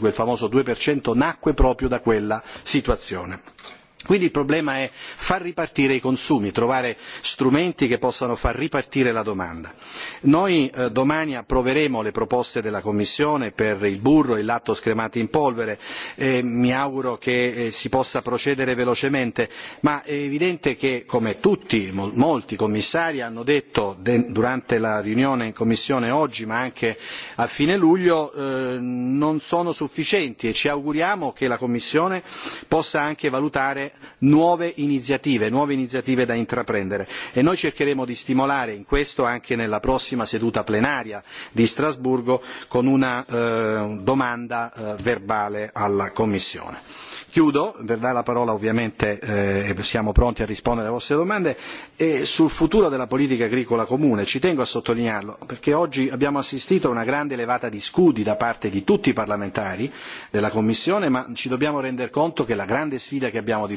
quel famoso 2% nacque proprio da quella situazione. Quindi il problema è far ripartire i consumi, trovare strumenti che possano far ripartire la domanda. Noi eh, domani approveremo le proposte della Commissione per il burro e il latte scremato in polvere e mi auguro che eh, si possa procedere velocemente, ma è evidente che, come tutti, mol, molti commissari hanno detto de, durante la riunione in Commissione oggi, ma anche a fine luglio, eh, non sono sufficienti e ci auguriamo che la Commissione possa anche valutare nuove iniziative, nuove iniziative da intraprendere e noi cercheremo di stimolare in questo anche nella prossima seduta plenaria di Strasburgo con una eh, domanda eh, verbale alla Commissione. Chiudo, verrà la parola ovviamente eh, e eh, siamo pronti a rispondere alle vostre domande, e sul futuro della politica agricola comune ci tengo a sottolinearlo perché oggi abbiamo assistito a una grande levata di scudi da parte di tutti i parlamentari della Commissione ma ci dobbiamo rendere conto che la grande sfida che abbiamo di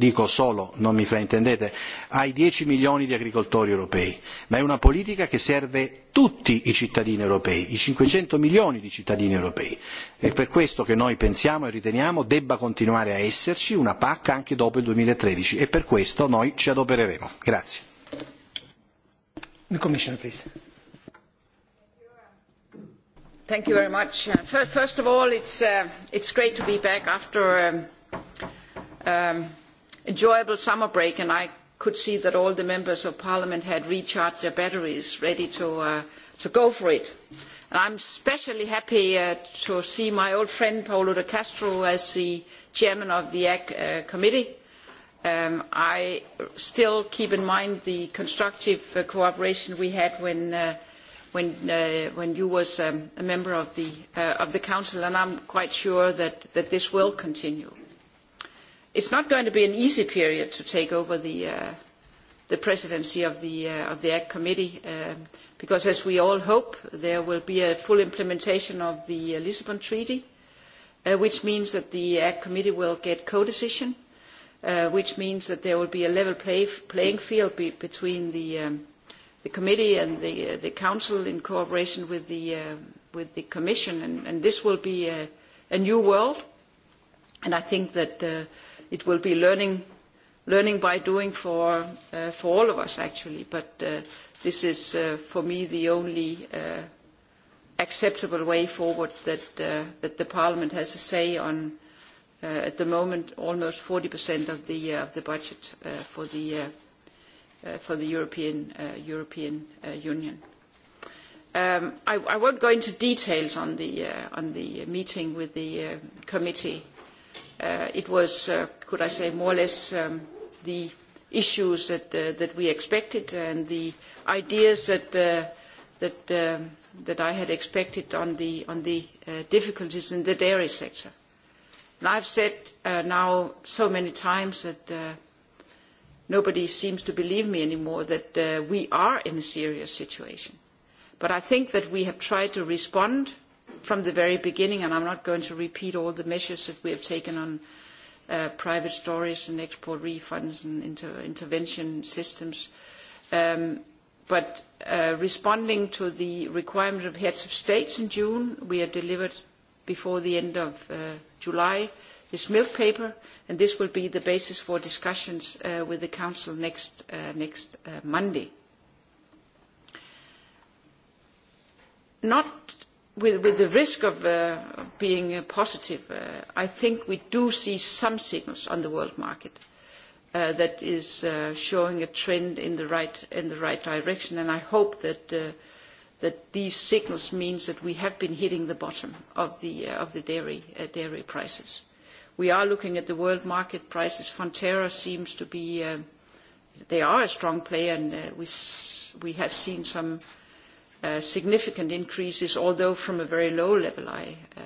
dico solo, non mi fraintendete, ai 10 milioni di agricoltori europei, ma è una politica che serve tutti i cittadini europei, i 500 milioni di cittadini europei. È per questo che noi pensiamo e riteniamo debba continuare a esserci una PAC anche dopo il 2013 e per questo noi ci adopereremo. Grazie. The Commissioner, please. Thank you very much. Uh, first of all, it's, uh, it's great to be back after um, um, enjoyable summer break, and I could see that all the members of parliament had recharged their batteries, ready to, uh, to go for it. And I'm especially happy uh, to see my old friend Paolo de Castro as the chairman of the Ag uh, committee. Um, I still keep in mind the constructive uh, cooperation we had when, uh, when, uh, when you was um, a member of the, uh, of the council, and I'm quite sure that, that this will continue it's not going to be an easy period to take over the, uh, the presidency of the, uh, of the Act Committee, um, because as we all hope, there will be a full implementation of the uh, Lisbon Treaty, uh, which means that the Act Committee will get co-decision, uh, which means that there will be a level play, playing field be, between the, um, the committee and the, the council in cooperation with the, um, with the commission, and, and, this will be a, a new world. And I think that it will be learning, learning by doing for, uh, for all of us, actually. But uh, this is, uh, for me, the only uh, acceptable way forward that, uh, that the Parliament has a say on, uh, at the moment, almost 40% of the, uh, of the budget uh, for the uh, Uh, for the European, uh, European uh, Union. Um, I, I won't go into details on the, uh, on the meeting with the uh, committee. Uh, it was could I say, more or less um, the issues that, uh, that we expected and the ideas that, uh, that, um, that I had expected on the, on the uh, difficulties in the dairy sector. And I've said uh, now so many times that uh, nobody seems to believe me anymore that uh, we are in a serious situation. But I think that we have tried to respond from the very beginning, and I'm not going to repeat all the measures that we have taken on Uh, private storage and export refunds and inter intervention systems. Um, but uh, responding to the requirement of heads of states in June, we have delivered before the end of uh, July this milk paper, and this will be the basis for discussions uh, with the Council next, uh, next uh, Monday. Not with, with the risk of uh, being uh, positive, uh, I think we do see some signals on the world market uh, that is uh, showing a trend in the right in the right direction, and I hope that uh, that these signals means that we have been hitting the bottom of the of the dairy dairy prices. We are looking at the world market prices. Fonterra seems to be they are a strong player, and we we have seen some Uh, significant increases, although from a very low level, I uh,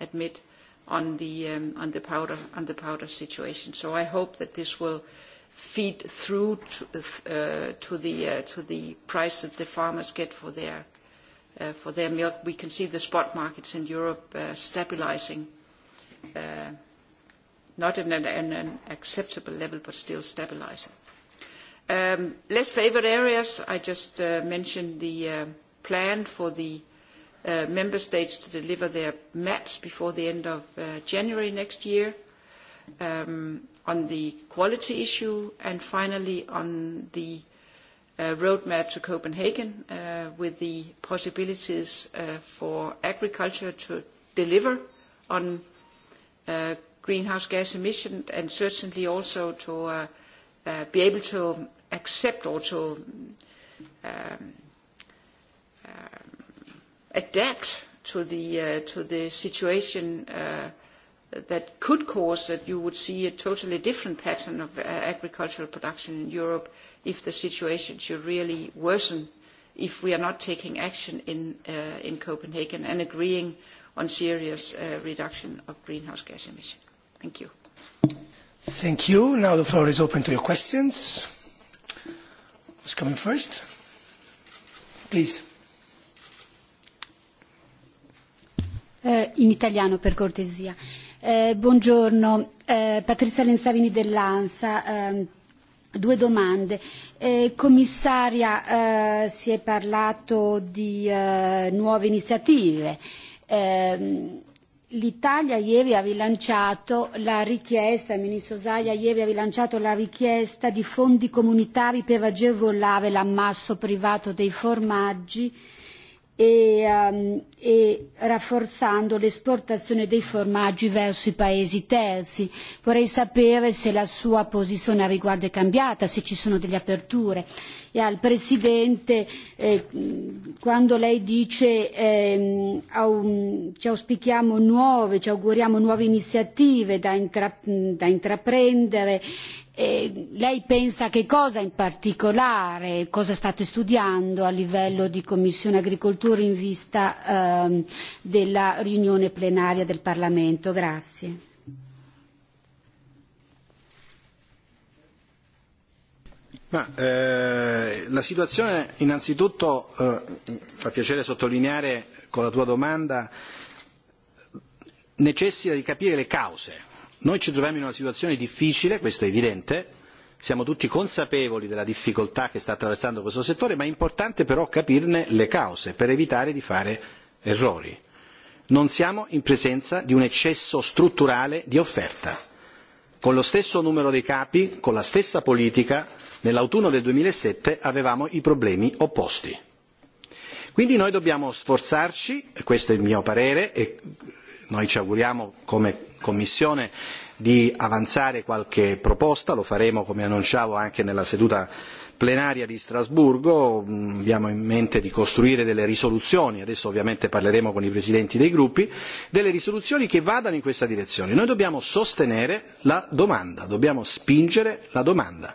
admit, on the, um, on, the powder, on the powder situation. So I hope that this will feed through to, uh, to, the, uh, to the price that the farmers get for their, uh, for their milk. We can see the spot markets in Europe stabilizing not at an, an, acceptable level, but still stabilising. Um, less favoured areas, I just uh, mentioned the, uh, plan for the uh, member states to deliver their maps before the end of uh, January next year, um, on the quality issue, and finally on the uh, roadmap to Copenhagen uh, with the possibilities uh, for agriculture to deliver on uh, greenhouse gas emission and certainly also to be able to accept or to um, adapt to the, uh, to the situation uh, that could cause that you would see a totally different pattern of uh, agricultural production in Europe if the situation should really worsen if we are not taking action in, uh, in Copenhagen and agreeing on serious uh, reduction of greenhouse gas emissions. Thank you. Thank you. Now the floor is open to your questions. Who's coming first? Please. Eh, in italiano per cortesia. Eh, buongiorno, eh, Patrizia Lensavini dell'ANSA. Eh, due domande. Eh, commissaria, eh, si è parlato di eh, nuove iniziative. Eh, L'Italia ieri ha rilanciato la richiesta, il ministro Zaia ieri ha rilanciato la richiesta di fondi comunitari per agevolare l'ammasso privato dei formaggi eh, e, um, e rafforzando l'esportazione dei formaggi verso i paesi terzi. Vorrei sapere se la sua posizione a riguardo è cambiata, se ci sono delle aperture. E al Presidente, eh, quando lei dice eh, au, ci auspichiamo nuove, ci auguriamo nuove iniziative da, intra, da intraprendere lei pensa che cosa in particolare, cosa state studiando a livello di Commissione Agricoltura in vista ehm, della riunione plenaria del Parlamento? Grazie. Ma, eh, la situazione innanzitutto eh, fa piacere sottolineare con la tua domanda necessita di capire le cause noi ci troviamo in una situazione difficile, questo è evidente, siamo tutti consapevoli della difficoltà che sta attraversando questo settore, ma è importante però capirne le cause per evitare di fare errori. Non siamo in presenza di un eccesso strutturale di offerta. Con lo stesso numero dei capi, con la stessa politica, nell'autunno del 2007 avevamo i problemi opposti. Quindi noi dobbiamo sforzarci, questo è il mio parere e noi ci auguriamo come Commissione di avanzare qualche proposta, lo faremo come annunciavo anche nella seduta plenaria di Strasburgo, mm, abbiamo in mente di costruire delle risoluzioni, adesso ovviamente parleremo con i presidenti dei gruppi, delle risoluzioni che vadano in questa direzione. Noi dobbiamo sostenere la domanda, dobbiamo spingere la domanda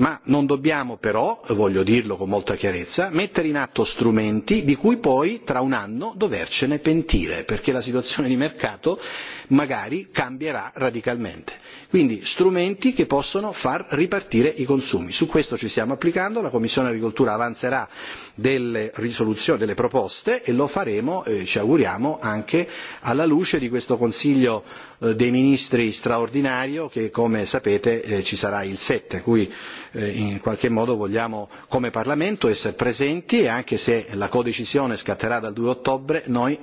ma non dobbiamo però, voglio dirlo con molta chiarezza, mettere in atto strumenti di cui poi tra un anno dovercene pentire, perché la situazione di mercato magari cambierà radicalmente. Quindi strumenti che possono far ripartire i consumi. Su questo ci stiamo applicando, la Commissione Agricoltura avanzerà delle risoluzioni, delle proposte e lo faremo, eh, ci auguriamo, anche alla luce di questo Consiglio eh, dei Ministri straordinario che, come sapete, eh, ci sarà il 7, cui Eh, in qualche modo vogliamo come Parlamento essere presenti e anche se la codecisione scatterà dal 2 ottobre noi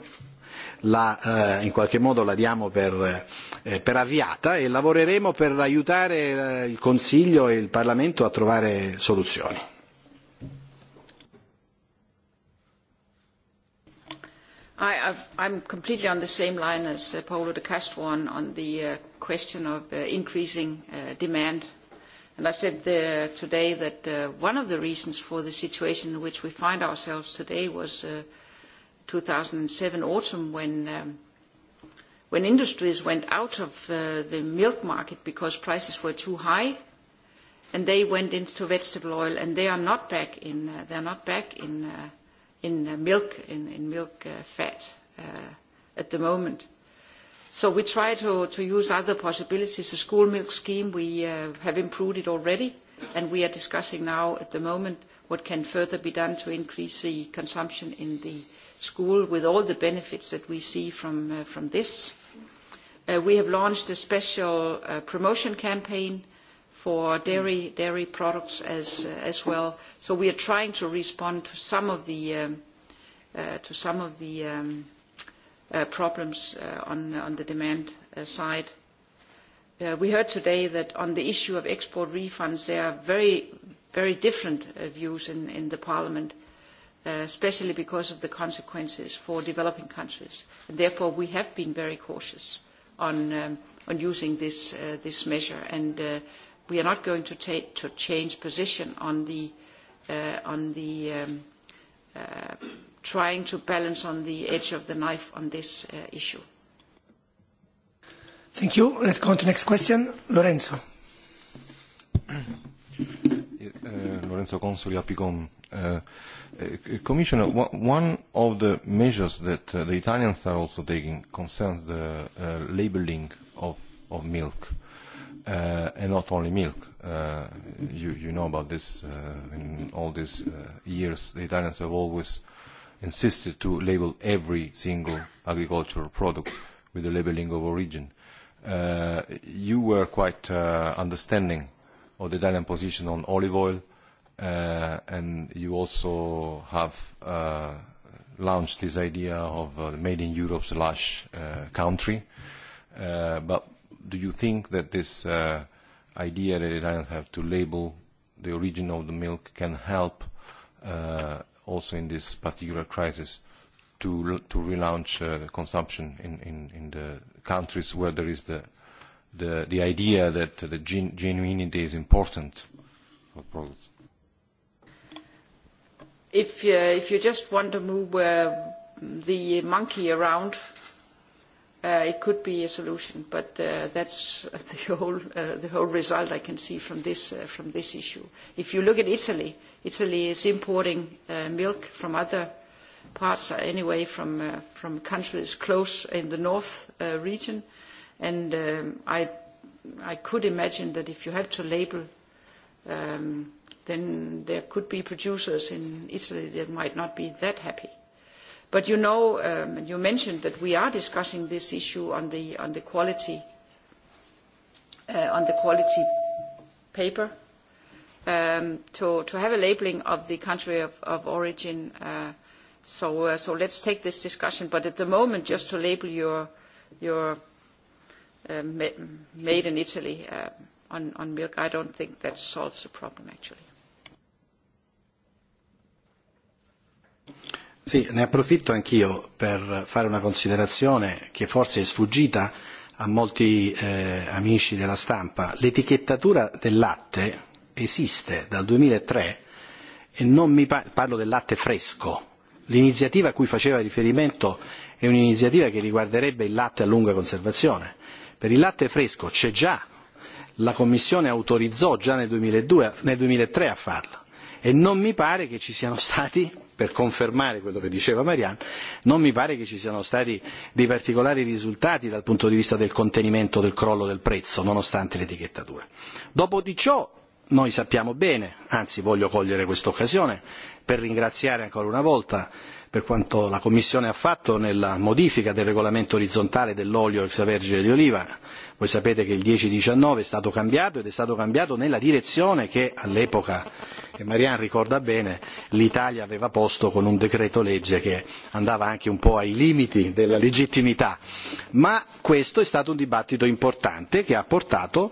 la, eh, in qualche modo la diamo per, eh, per avviata e lavoreremo per aiutare eh, il Consiglio e il Parlamento a trovare soluzioni. I, I've, I'm completely on the same line as uh, Paolo de Castro on, on the uh, question of uh, increasing uh, demand And I said today that uh, one of the reasons for the situation in which we find ourselves today was 2007 uh, autumn when, um, when industries went out of uh, the milk market because prices were too high and they went into vegetable oil and they are not back in, milk, fat at the moment. So we try to, use other possibilities. The school milk scheme, we uh, have improved it already, and we are discussing now at the moment what can further be done to increase the consumption in the school with all the benefits that we see from, uh, this. Uh, we have launched a special promotion campaign for dairy, products as, well. So we are trying to respond to some of the, um, um, Uh, problems uh, on, the demand uh, side. we heard today that on the issue of export refunds, there are very, very different views in, the Parliament, especially because of the consequences for developing countries. And therefore, we have been very cautious on, um, using this, measure, and we are not going to, change position on the, um, trying to balance on the edge of the knife on this uh, issue. Thank you. Let's go on to next question. Lorenzo. Uh, Lorenzo Consoli, Apicom. Uh, uh, Commissioner, one of the measures that uh, the Italians are also taking concerns the uh, labeling of, of milk, uh, and not only milk. Uh, you, you know about this uh, in all these uh, years. The Italians have always uh, insisted to label every single agricultural product with the labeling of origin. Uh, you were quite uh, understanding of the Italian position on olive oil, uh, and you also have uh, launched this idea of uh, made in Europe slash uh, country. Uh, but do you think that this uh, idea that Italians have to label the origin of the milk can help uh, also in this particular crisis to, to relaunch uh, consumption in, in, in the countries where there is the, the, the idea that the gen genuinity is important for products. If, uh, if you just want to move uh, the monkey around Uh, it could be a solution, but uh, that's uh, the whole, uh, the whole result I can see from this, uh, from this issue. If you look at Italy, Italy is importing uh, milk from other parts, anyway, from, from countries close in the north region. And um, I, I could imagine that if you have to label, um, then there could be producers in Italy that might not be that happy. But you know, um, you mentioned that we are discussing this issue on the, uh, quality paper um, to, have a labeling of the country of, origin. Uh, uh, so, let's take this discussion. But at the moment, just to label your, made in Italy on, on milk, I don't think that solves the problem actually. Sì, ne approfitto anch'io per fare una considerazione che forse è sfuggita a molti eh, amici della stampa. L'etichettatura del latte esiste dal 2003 e non mi pa- parlo del latte fresco. L'iniziativa a cui faceva riferimento è un'iniziativa che riguarderebbe il latte a lunga conservazione. Per il latte fresco c'è già, la Commissione autorizzò già nel, 2002, nel 2003 a farlo e non mi pare che ci siano stati per confermare quello che diceva Marianne, non mi pare che ci siano stati dei particolari risultati dal punto di vista del contenimento del crollo del prezzo, nonostante l'etichettatura. Dopo di ciò noi sappiamo bene, anzi voglio cogliere occasione per ringraziare ancora una volta per quanto la Commissione ha fatto nella modifica del regolamento orizzontale dell'olio extravergine di oliva. Voi sapete che il 10-19 è stato cambiato ed è stato cambiato nella direzione che all'epoca, e Marianne ricorda bene, l'Italia aveva posto con un decreto legge che andava anche un po' ai limiti della legittimità. Ma questo è stato un dibattito importante che ha portato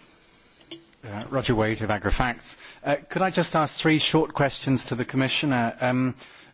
Uh, Roger Wade of AgriFacts. Uh, could I just ask three short questions to the Commissioner? Um,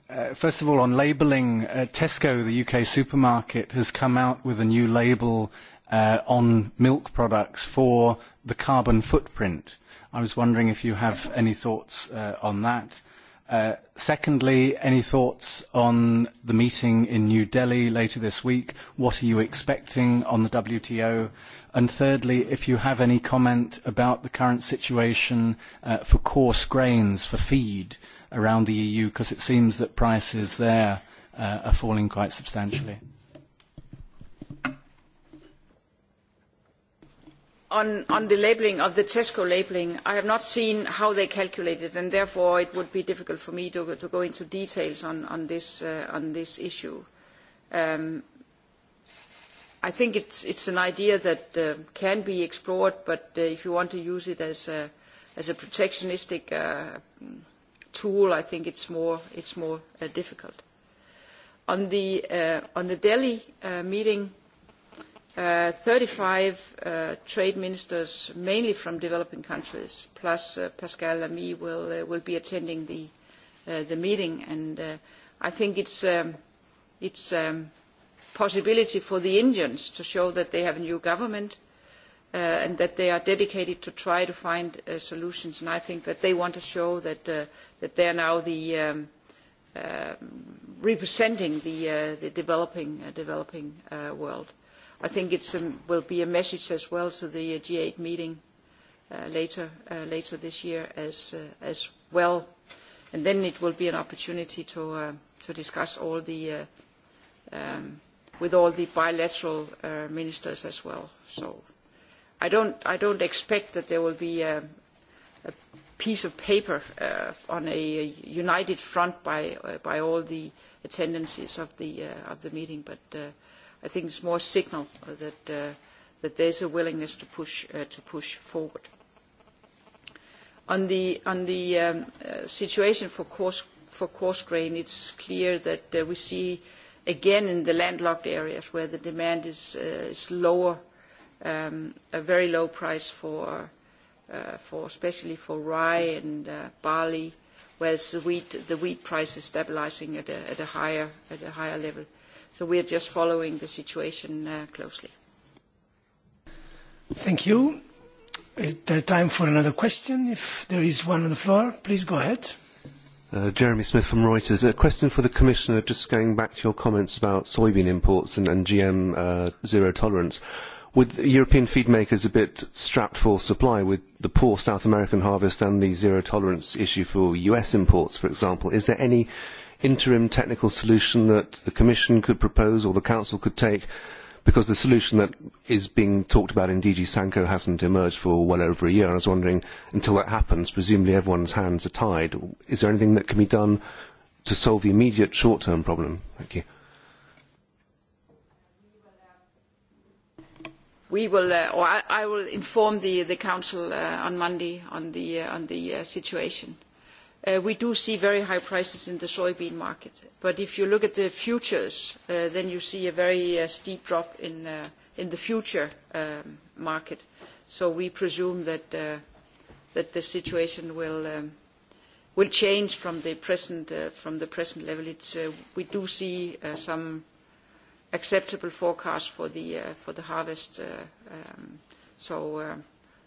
uh, first of all, on labelling, uh, Tesco, the UK supermarket, has come out with a new label uh, on milk products for the carbon footprint. I was wondering if you have any thoughts on that. Uh, Uh, secondly, any thoughts on the meeting in New Delhi later this week? What are you expecting on the WTO? And thirdly, if you have any comment about the current situation uh, for coarse grains, for feed around the EU, because it seems that prices there uh, are falling quite substantially. On, the labelling of the tesco labelling i have not seen how they calculate it and therefore it would be difficult for me to, go into details on, uh, this, issue. Um, i think it's, an idea that uh, can be explored but uh, if you want to use it as a, protectionistic tool i think it's more, more difficult. on the delhi meeting 35 uh, uh, trade ministers, mainly from developing countries, plus uh, Pascal Lamy will, uh, will be attending the, uh, the meeting. And I think it's um, it's um, possibility for the Indians to show that they have a new government and that they are dedicated to try to find solutions. And I think that they want to show that that they are now the um, um representing the, the developing, developing world. I think it um, will be a message as well to the uh, G8 meeting uh, later, uh, later this year as, uh, as well. And then it will be an opportunity to, uh, to discuss all the, uh, um, with all the bilateral ministers as well. So I don't, I don't expect that there will be a, a piece of paper on a united front by, by all the attendances of the, of the meeting, but I think it's more a signal that, uh, that there's a willingness to push, uh, to push forward. On the, on the um, uh, situation for coarse, for coarse grain, it's clear that uh, we see again in the landlocked areas where the demand is, uh, is lower, um, a very low price for, uh, for especially for rye and uh, barley, whereas the wheat, the wheat price is stabilizing at a, at a, higher, at a higher level. So we are just following the situation uh, closely. Thank you. Is there time for another question? If there is one on the floor, please go ahead. Uh, Jeremy Smith from Reuters. A question for the Commissioner, just going back to your comments about soybean imports and, and GM uh, zero tolerance. With European feed makers a bit strapped for supply with the poor South American harvest and the zero tolerance issue for US imports, for example, is there any interim technical solution that the Commission could propose or the Council could take because the solution that is being talked about in DG Sanko hasn't emerged for well over a year. I was wondering, until that happens, presumably everyone's hands are tied. Is there anything that can be done to solve the immediate short-term problem? Thank you. We will, uh, or I, I will inform the, the Council uh, on Monday on the, uh, on the uh, situation Uh, we do see very high prices in the soybean market, but if you look at the futures, uh, then you see a very uh, steep drop in, uh, in the future um, market. So we presume that, uh, that the situation will, um, will change from the present, from the present level. we do see some acceptable forecasts for the, for the harvest. Um, so